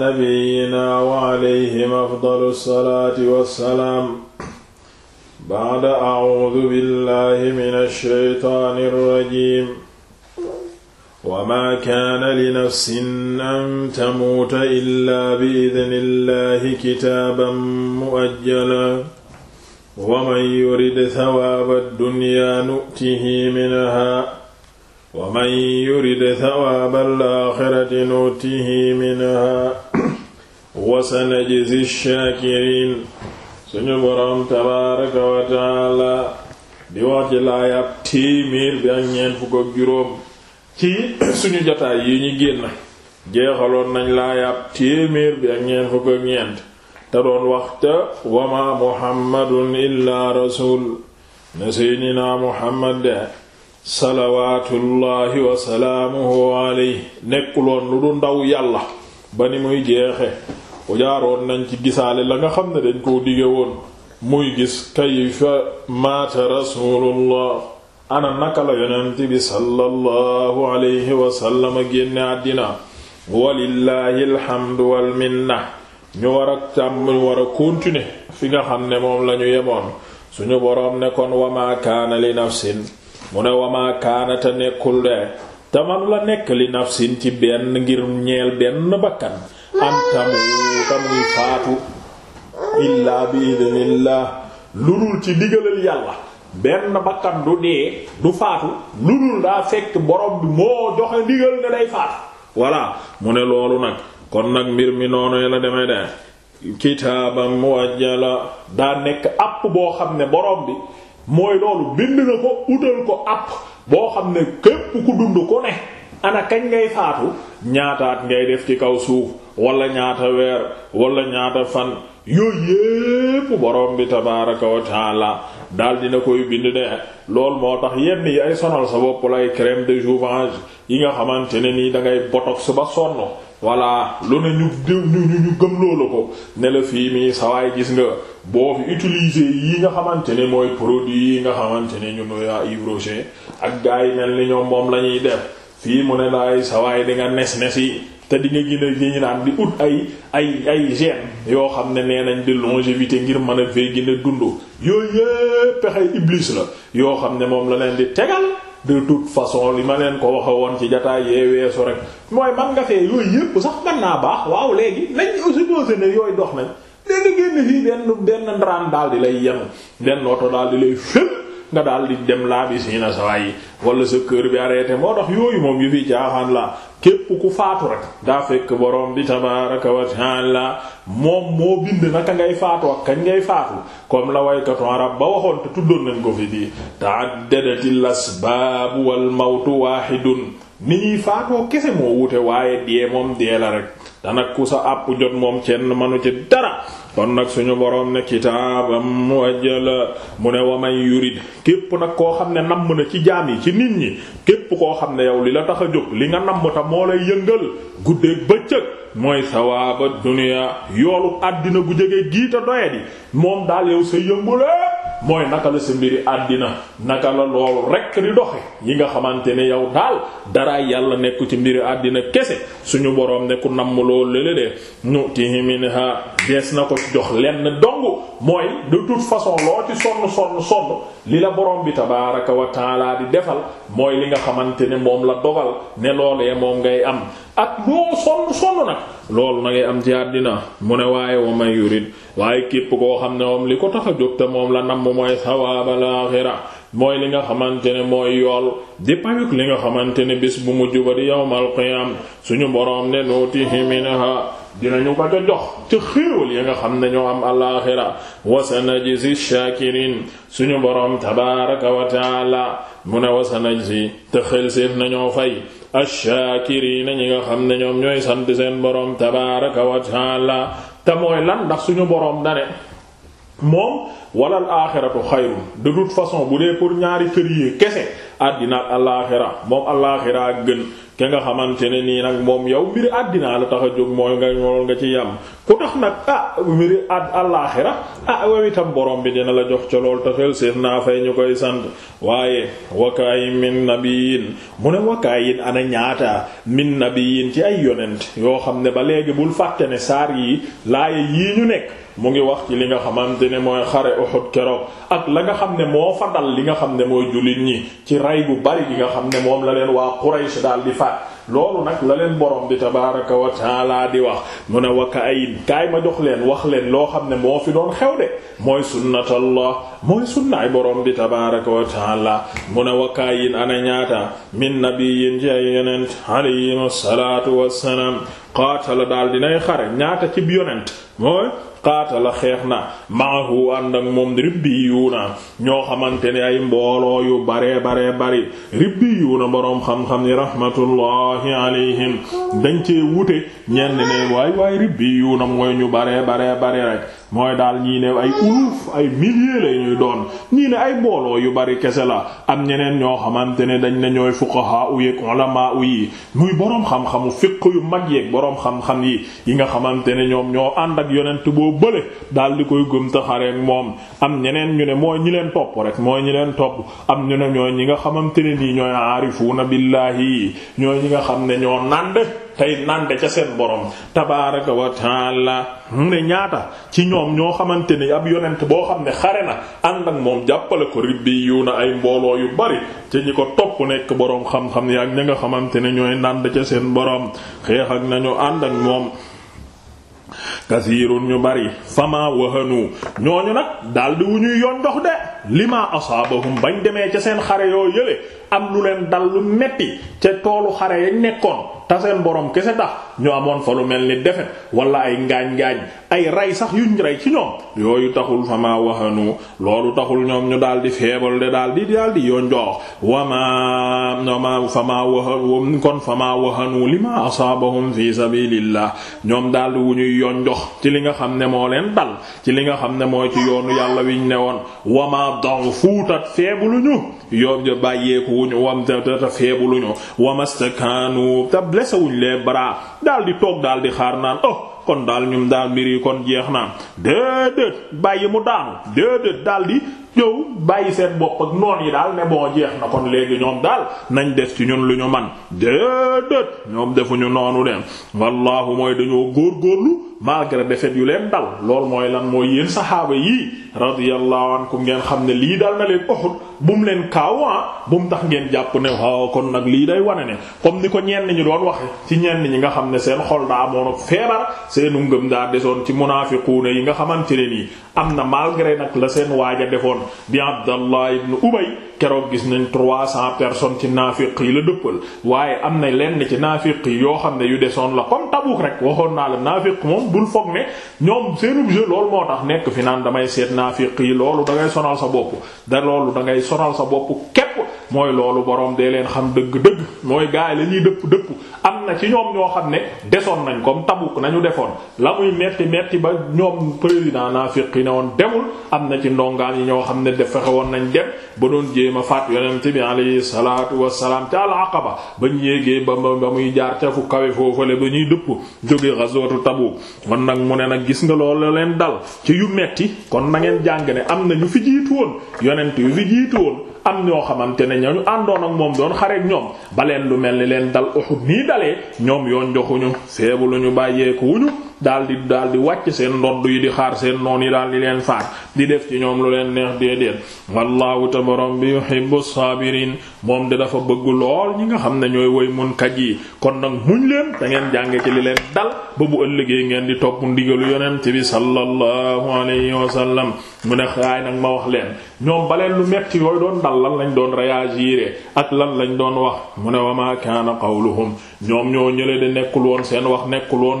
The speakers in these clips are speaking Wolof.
nabiyyina wa alayhim afdalu salaati wassalaam ba'da a'uudu billahi mina shaytaani rajiim wa maa kaana li nafsin an tamuuta illaa bi-idni llahi kitaaban mu'ajjalaa wa man yurid thawaaba ad-dunyaa nu'tihi minhaa wa man yurid thawaaba alaaxirati nuutihi minha wa sanajzi shaakiriin suñu boroom tabaaraka wa di wax ci laayab téeméer bi ak ñeent fukk juróom ci suñu jotaay yi ñu génn jeexaloon nañ laayab téeméer bi ak ñeent fukk ak ñeent te waxta wa ma muhammadun rasuul na seydinaa muhammad de salawaatullaahi wa nekkuloon lu du ndaw yàlla ba ni muy jeexe ku jaaroon nañ ci gisaale la nga xam ne dañ koo dige woon muy gis kayfa maata rasuulullah ana naka la yonent bi sallallahu alayhi wa sallam génne àddina walillaahi alhamdu wal ñu wara a ñu war a continuer fi nga xam ne moom lañu yemoon suñu boroom nekkoon kon wa kaana li nafsin mu ne wamaa kaanata nekkul de te la nekk li nafsin ci benn ngir ñeel benn bakkan antamu tamuy faatu illaa bi idnillah lu dul ci digalal yàlla benn bakkan du dee du faatu lu dul daa fekk borom bi moo joxe ndigal ne day faatu voilà mu ne loolu nag kon nag mbir mi noonu la demee de kitaabam muwajjala daa nekk àpp boo xam ne borom bi mooy loolu bind na ko utal ko app boo xam ne képp ku dund ko ne ana kañ ngay faatu ñaataat ngay def ci kaw suuf wala ñaata weer wala ñaata fan yooyu yépp borom bi tabaaraka wa la daal dina koy bind de lool moo tax yenn yi ay sonal sa bopp lay crème de jouvence yi nga xamante ne nii da ngay botox ba sonn voilà lu ne ñu ñu ñu gëm loola ko ne fii mii sawaay gis nga. boo fi utiliser yi nga xamante ne mooy produit yi nga xamante ne ñu nuyaa Yves Rocher ak gars yi mel ni ñoom moom lañuy ñuy def fii mu ne daay sawaay di nga nes nes yi te di nga gën a gi ñu di ut ay ay ay gene yoo xam ne nee nañ de longévité ngir mën a fee gën a dund yooyu yépp pexe iblis la yoo xam ne moom la leen di tegal de toute façon li ma leen ko waxe woon ci jataay yee weesu rek mooy man nga fee yooyu yépp sax mën naa baax waaw léegi nañ aussi dose dox nañ nga génn fii benn benn ndaraan daal di lay yenu benn oto daal di lay fépp nga daal dem laa si na sa waay wala sa kër bi arrêté moo tax yooyu moom yu fi jaaxaan la képp ku faatu rek daa fekk borom bi tabaaraka wa ta'ala moom moo bind naka ngay faatu ak kañ ngay faatu comme la waykatu arab ba waxoon te tuddoon nañ ko fi fii di ta'addadatil asbaab wal mawtu waahidun ni ñuy faatoo kese moo wute waaye dee moom dee la rek te nag ku sa àpp jot moom cenn manu ci dara kon nag suñu boroom ne kitaabam mu ajjala mu ne wa may yurid képp nag koo xam ne namm na ci jaam yi ci nit ñi képp koo xam ne yow li la tax a jóg li nga namm ta moo lay yëngal guddeeg bëccëg mooy sawaaba duniya yoolu àddina bu jege gii ta doye moom daal yow sa yëngule mooy naka la sa mbiri àddina naka la loolu rekk di doxe yi nga xamante ne yow daal dara yàlla nekku ci mbiri àddina kese suñu boroom ne ku namm loolu lële de nutihi minha dees na ko ci jox lenn dong mooy de toute façon loo ci sonn sonn sonn li la boroom bi tabaaraka wa taala di defal mooy li nga xamante ne moom la dogal ne loolee moom ngay am ak loo sonn sonn nag loolu na ngay am ci àddina mu ne waaye wa may yurid waaye képp koo xam ne moom li ko tax a jóg te moom la namm mooy sawaabal aaxira mooy li nga xamante ne mooy yool di payuk li nga xamante ne bis bu mu ba di yawmal qiyaam suñu boroom ne nuutihi minha dinañu ko ca jox ca xéewal ya nga xam ne ñoo am alaaxira wa sanajzi shaakiriin suñu boroom tabaaraka wa taala mu ne wa sanajzi te xel seet nañoo fay ash-shaakiriina ñi nga xam ne ñoom ñooy sant seen boroom tabaaraka wa taala te mooy lan ndax suñu boroom dane moom walal aaxiratu xayrun de toute façon bu dee pour ñaari kër yi kese àddina ak alaaxira moom alaaxira ak gën ke nga xamante ne nii nag moom yow mbiri àddina la tax a jóg mooy nga ñool nga ci yam ku tax nag ah mbiri ad alaaxira ah wow itam borom bi dina la jox ca lool tafel seen naa fay ñu koy sant waaye wakaayi min nabiyin mu ne wakaayin ana ñaata min nabiyin ci ay yonent yoo xam ne ba léegi bul fàtte ne saar yi laaye yii ñu nekk mu ngi wax ci li nga xamante ne mooy xare Uhud keroog ak la nga xam ne moo fa dal li nga xam ne mooy rey gu bari gi nga xam ne moom la leen waa Quraysh daal di faat loolu nag la leen borom bi tabaraka wa taala di wax mu ne wakka ayin kaay ma jox leen wax leen loo xam ne moo fi doon xew de mooy sunnatallah mooy ay borom bi tabaraka wa taala mu ne wakka ayin ana ñaata min nabiyyin ci ay yonent alayhim salaatu wassalaam qaatala daal dinay xare ñaata ci yonent mooy la xeex na ma maahu ànd ak moom ribbiyuuna ñoo xamante ne ay mbooloo yu baree baree bari ribbiyuuna boroom xam-xam ni rahmatullahi alayhim dañ cee wute ñenn ne waay waay ribbiyuuna mooy ñu baree baree bari rek mooy daal ñii ne ay uluf ay milliers lay ñuy doon ñii ne ay mbooloo yu bari kese la am ñeneen ñoo xamante ne dañ ne ñooy fuqaha u yeeg ulama u yi muy boroom xam-xamu fiq yu mag yeeg boroom xam-xam yi yi nga xamante ne ñoom ñoo ànd ak yeneent boo bële daal di koy gëm taxareek moom am ñeneen ñu ne mooy ñi leen topp rek mooy ñi leen topp am ñu ne ñooy ñi nga xamante ne nii ñooy aarifuuna billaahi ñooy ñi nga xam ne ñoo nànd tey nande ca seen borom tabaaraka wa taala mu ne ñaata ci ñoom ñoo xamante ni ab yonent boo xam ne xare na ànd ak moom jàppale ko ribbi yu na ay mbooloo yu bari ci ñi ko topp nekk boroom xam-xam ya ak ña nga xamante ne ñooy nànd ca seen boroom xeex ak nañu ànd ak moom kasiirun ñu bari fama wahanu ñooñu nag daldi wu ñuy yoon dox de lima asaabahum bañ demee ca seen xare yooyu yële am lu leen dal lu metti ca toolu xare yañ nekkoon te seen borom kese tax ñu amoon fa lu mel ni defet wala ay ngaañ-ngaañ ay rey sax yuñ rey ci ñoom yooyu taxul fa ma waxanu loolu taxul ñoom ñu daal di feebal de daal di daal di yoo njoox wama wama fa ma waxanu kon ma waxanu lima asaabahum fi sabilillah ñoom daal wu ñuy yoon jox ci li nga xam ne moo leen dal ci li nga xam ne moo ci yoonu yàlla wiñ ne woon wama wama dahu fuutat feebuluñu yob ja bàyyeeku wuñu wam tata feebuluñu wamastakanu te blessé wuñ les bras daal di toog daal di xaar naan oh kon daal ñum daal mbir yi kon jeex na déedéet bàyyi mu daanu déedéet daal di ñëw bàyyi seet bopp ak noon yi daal ne jeex na kon léegi ñoom daal nañ def ci ñun lu ñu man déedéet ñoom defuñu noonu de wallaahu mooy dañoo góorgóorlu malgré defet yu leen dal lool mooy lan mooy yéen saxaaba yii radiyallahu ankum ngeen xam ne lii dal na leen Uhud bu mu leen kaawaa ah bu mu tax ngeen jàpp ne waaw kon nag lii day wane ne comme ni ko ñenn ñi doon waxe ci ñenn ñi nga xam ne seen xol daa amoon ak feebar seenu ngëm daa desoon ci munaafiquuna yi nga xamante ne nii am na malgré nag la seen waaja defoon bi Abdallah ibn Ubay keroog gis nañ trois cents personnes ci naafiq yi la dëppal waaye am na lenn ci naafiq yi yoo xam ne yu desoon la comme Tabuk rek waxoon naa la naafiq moom façon bul foog ne ñoom seenub jeu loolu moo tax nekk fi naan damay seet naafiq yi loolu da ngay sonal sa bopp da loolu da ngay sonal sa bopp képp mooy loolu borom dee leen xam dëgg-dëgg mooy gaay la ñuy dëpp dëpp am na ci ñoom ñoo xam ne desoon nañ comme Tabuk nañu defoon la muy metti metti ba ñoom président naafiq yi ne woon demul am na ci ndongaan yi ñoo xam ne def woon nañ dem ba doon jéema a faat yonent bi alayhi salaatu wassalaam ca al ba ba ñu yéegee ba ba muy jaar ca fu kawe foofale ba ñuy dëpp jóge ghazwatu Tabuk kon nag mu ne nag gis nga loolu la leen dal ci yu metti kon na ngeen jàng ne am na ñu fi jiitu woon yonent yu fi jiitu woon am ñoo xamante ne ñooñu àndoon ak moom doon xareek ñoom baleen lu mel ni leen dal Uhud nii dalee ñoom yoon joxuñu seebu lu ñu bàyyeeku wuñu daal di daal di wàcc seen ndodd yi di xaar seen noon yi daal di leen faat di def ci ñoom lu leen neex déedéet wallahu ta borom bi yuhibbu saabiriin moom de dafa bëgg lool ñi nga xam ne ñooy woy munkaj yi kon nag muñ leen da ngeen jànge ci li leen dal ba bu ëllëgee ngeen di topp ndigalu yonent bi sallallahu alayhi wa sallam mu ne xaay nag ma wax leen ñoom baleen lu metti yooyu doon dal lan lañ doon réagir ak lan lañ doon wax mu ne wa ma kaana qawluhum ñoom ñoo ñële de nekkul woon seen wax nekkul woon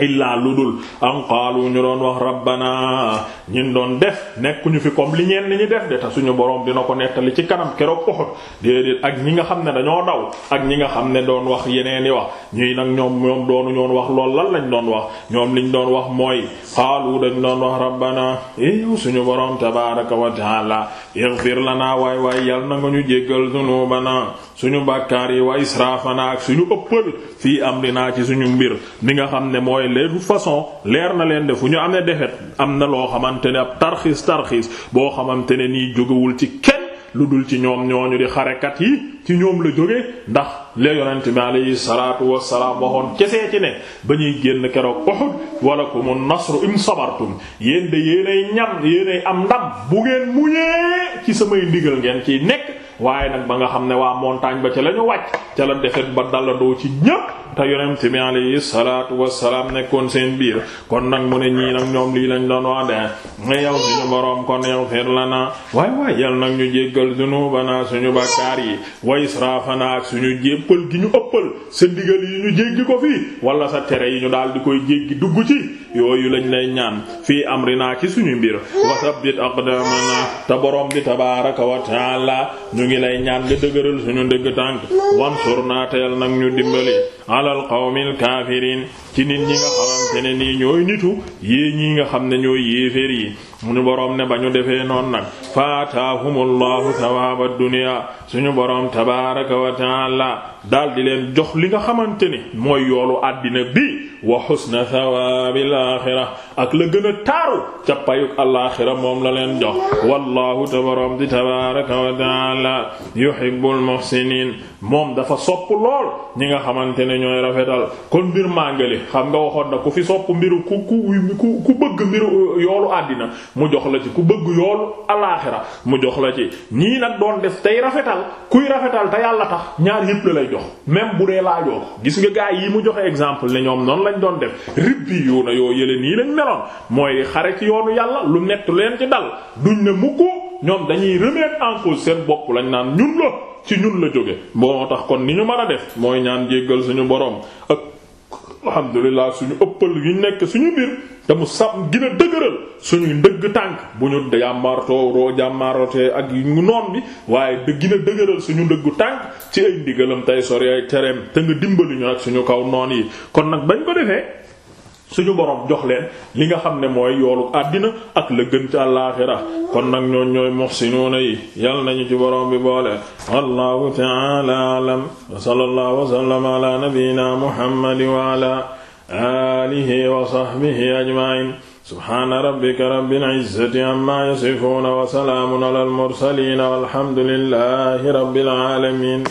illaa lu dul am qaalu ñu doon wax rabbana ñin doon def nekkuñu fi comme li ñeen ñi def de te suñu borom dina ko nettali ci kanam keroog Uhud déedéet ak ñi nga xam ne dañoo daw ak ñi nga xam ne doon wax yeneen yi wax ñuy nag ñoom ñoom doonu ñoon wax lool lan lañ doon wax ñoom liñ doon wax mooy qaalu dañ doon wax rabbana yow suñu borom tabaaraka wa taala ighfir lana waay waay yal na nga ñu jéggal dunubana suñu bàkkaar yi wa israafana ak suñu ëppal fii amrina ci suñu mbir mi nga xam ne mooy mooy de toute façon leer na leen de fu ñu amee defet am na loo xamante ne ab tarxiis tarxiis boo xamante ne nii jógewul ci kenn lu dul ci ñoom ñu di xarekat yi ci ñoom la jóge ndax la yonent bi alayhi salaatu wassalaam waxoon kesee ci ne ba ñuy génn keroog ko walakumun nasru im sabartum yéen de yéenay ñam yéenay am ndam bu ngeen muñee ci samay ndigal ngeen ciy nekk waaye nag ba nga xam ne waa montagne ba ca la ñu wàcc ca la defet ba daladoo ci ñépp te yonent bi alayhi salaatu wassalaam nekkoon seen biir kon nag mu ne ñii nag ñoom lii lañ doon wax de nga yow suñu boroom kon yow fir la na waay waay yal nag ñu jéggal dunubana suñu bakkaar yi wa israfana ak suñu jéppal gi ñu ëppal sa digal yi ñu jéggi ko fii wala sa tere yi ñu daal di koy jéggi dugg ci yooyu lañ lay ñaan fii amrinaa ci suñu mbir wa sabbit aqdamana te borom bi tabaaraka wa taala ñu ngi lay ñaan nga dëgëral suñu ndëgg tànk wansurnaa teel nag ñu dimbali alal qawmil kaafiriin ci nit ñi nga xamante ne ñooy nitu yée ñii nga xam ne ñooy yéeféer yi mu ñu boroom ne ba ñu defee noon nag faataahumullahu thawaaba dunya suñu boroom tabaaraka wa taala daal di leen jox li nga xamante ni mooy yoolu àddina bi wa husna thawaabil aaxira ak la gën a taaru ca payuk alaaxira moom la leen jox wallahu tabaram di tabaaraka wa taala yuhibbul muhsinin moom dafa sopp lool ñi nga xamante ne ñooy rafetal kon mbir màngale tëj xam nga waxoon na ku fi sopp mbiru ku ku ku bëgg mbiru euh, yoolu àddina mu jox la ci ku bëgg yoolu alaaxira mu jox la ci ñii nag doon def tey rafetal kuy rafetal te yàlla tax ñaar yépp lay jox même bu dee laajoo ko gis nga gaay yi mu joxe exemple ne ñoom noon lañ doon def ribbi yoona yoo yële nii lañ meloon mooy xare ci yoonu yàlla lu nett leen ci dal duñ ne mukku ñoom dañuy remettre en cause seen bokk lañ naan ñun la ci ñun la jóge moo tax kon ni ñu mën a def mooy ñaan jéggal suñu boroom alhamdulilah suñu ëppal yu nekk suñu mbir te mu sàmm gina dëgëral suñu ndëgg tànk bu ñu jàmmartoo roo jàmmarootee ak yu noon bi waaye da gina dëgëral suñu ndëggu tànk ci ay ndigalam tey sori ay tereem te nga dimbali ñu nag suñu kaw noon yi kon nag bañ ko defee suñu borom jox leen li nga xam ne mooy yoolu àddina ak la gën ci àllaaxira kon nag ñooñ ñooy muhsinuuna yi yal nañu ci borom bi boole wallahu ta'ala a'lam wa sallallahu wa sallama ala nabiyyina muhammad wa ala alihi wa sahbihi ajma'in subhana rabbika rabbil izzati amma yasifuna wa salamun ala al mursalin walhamdulillahi rabbil alamin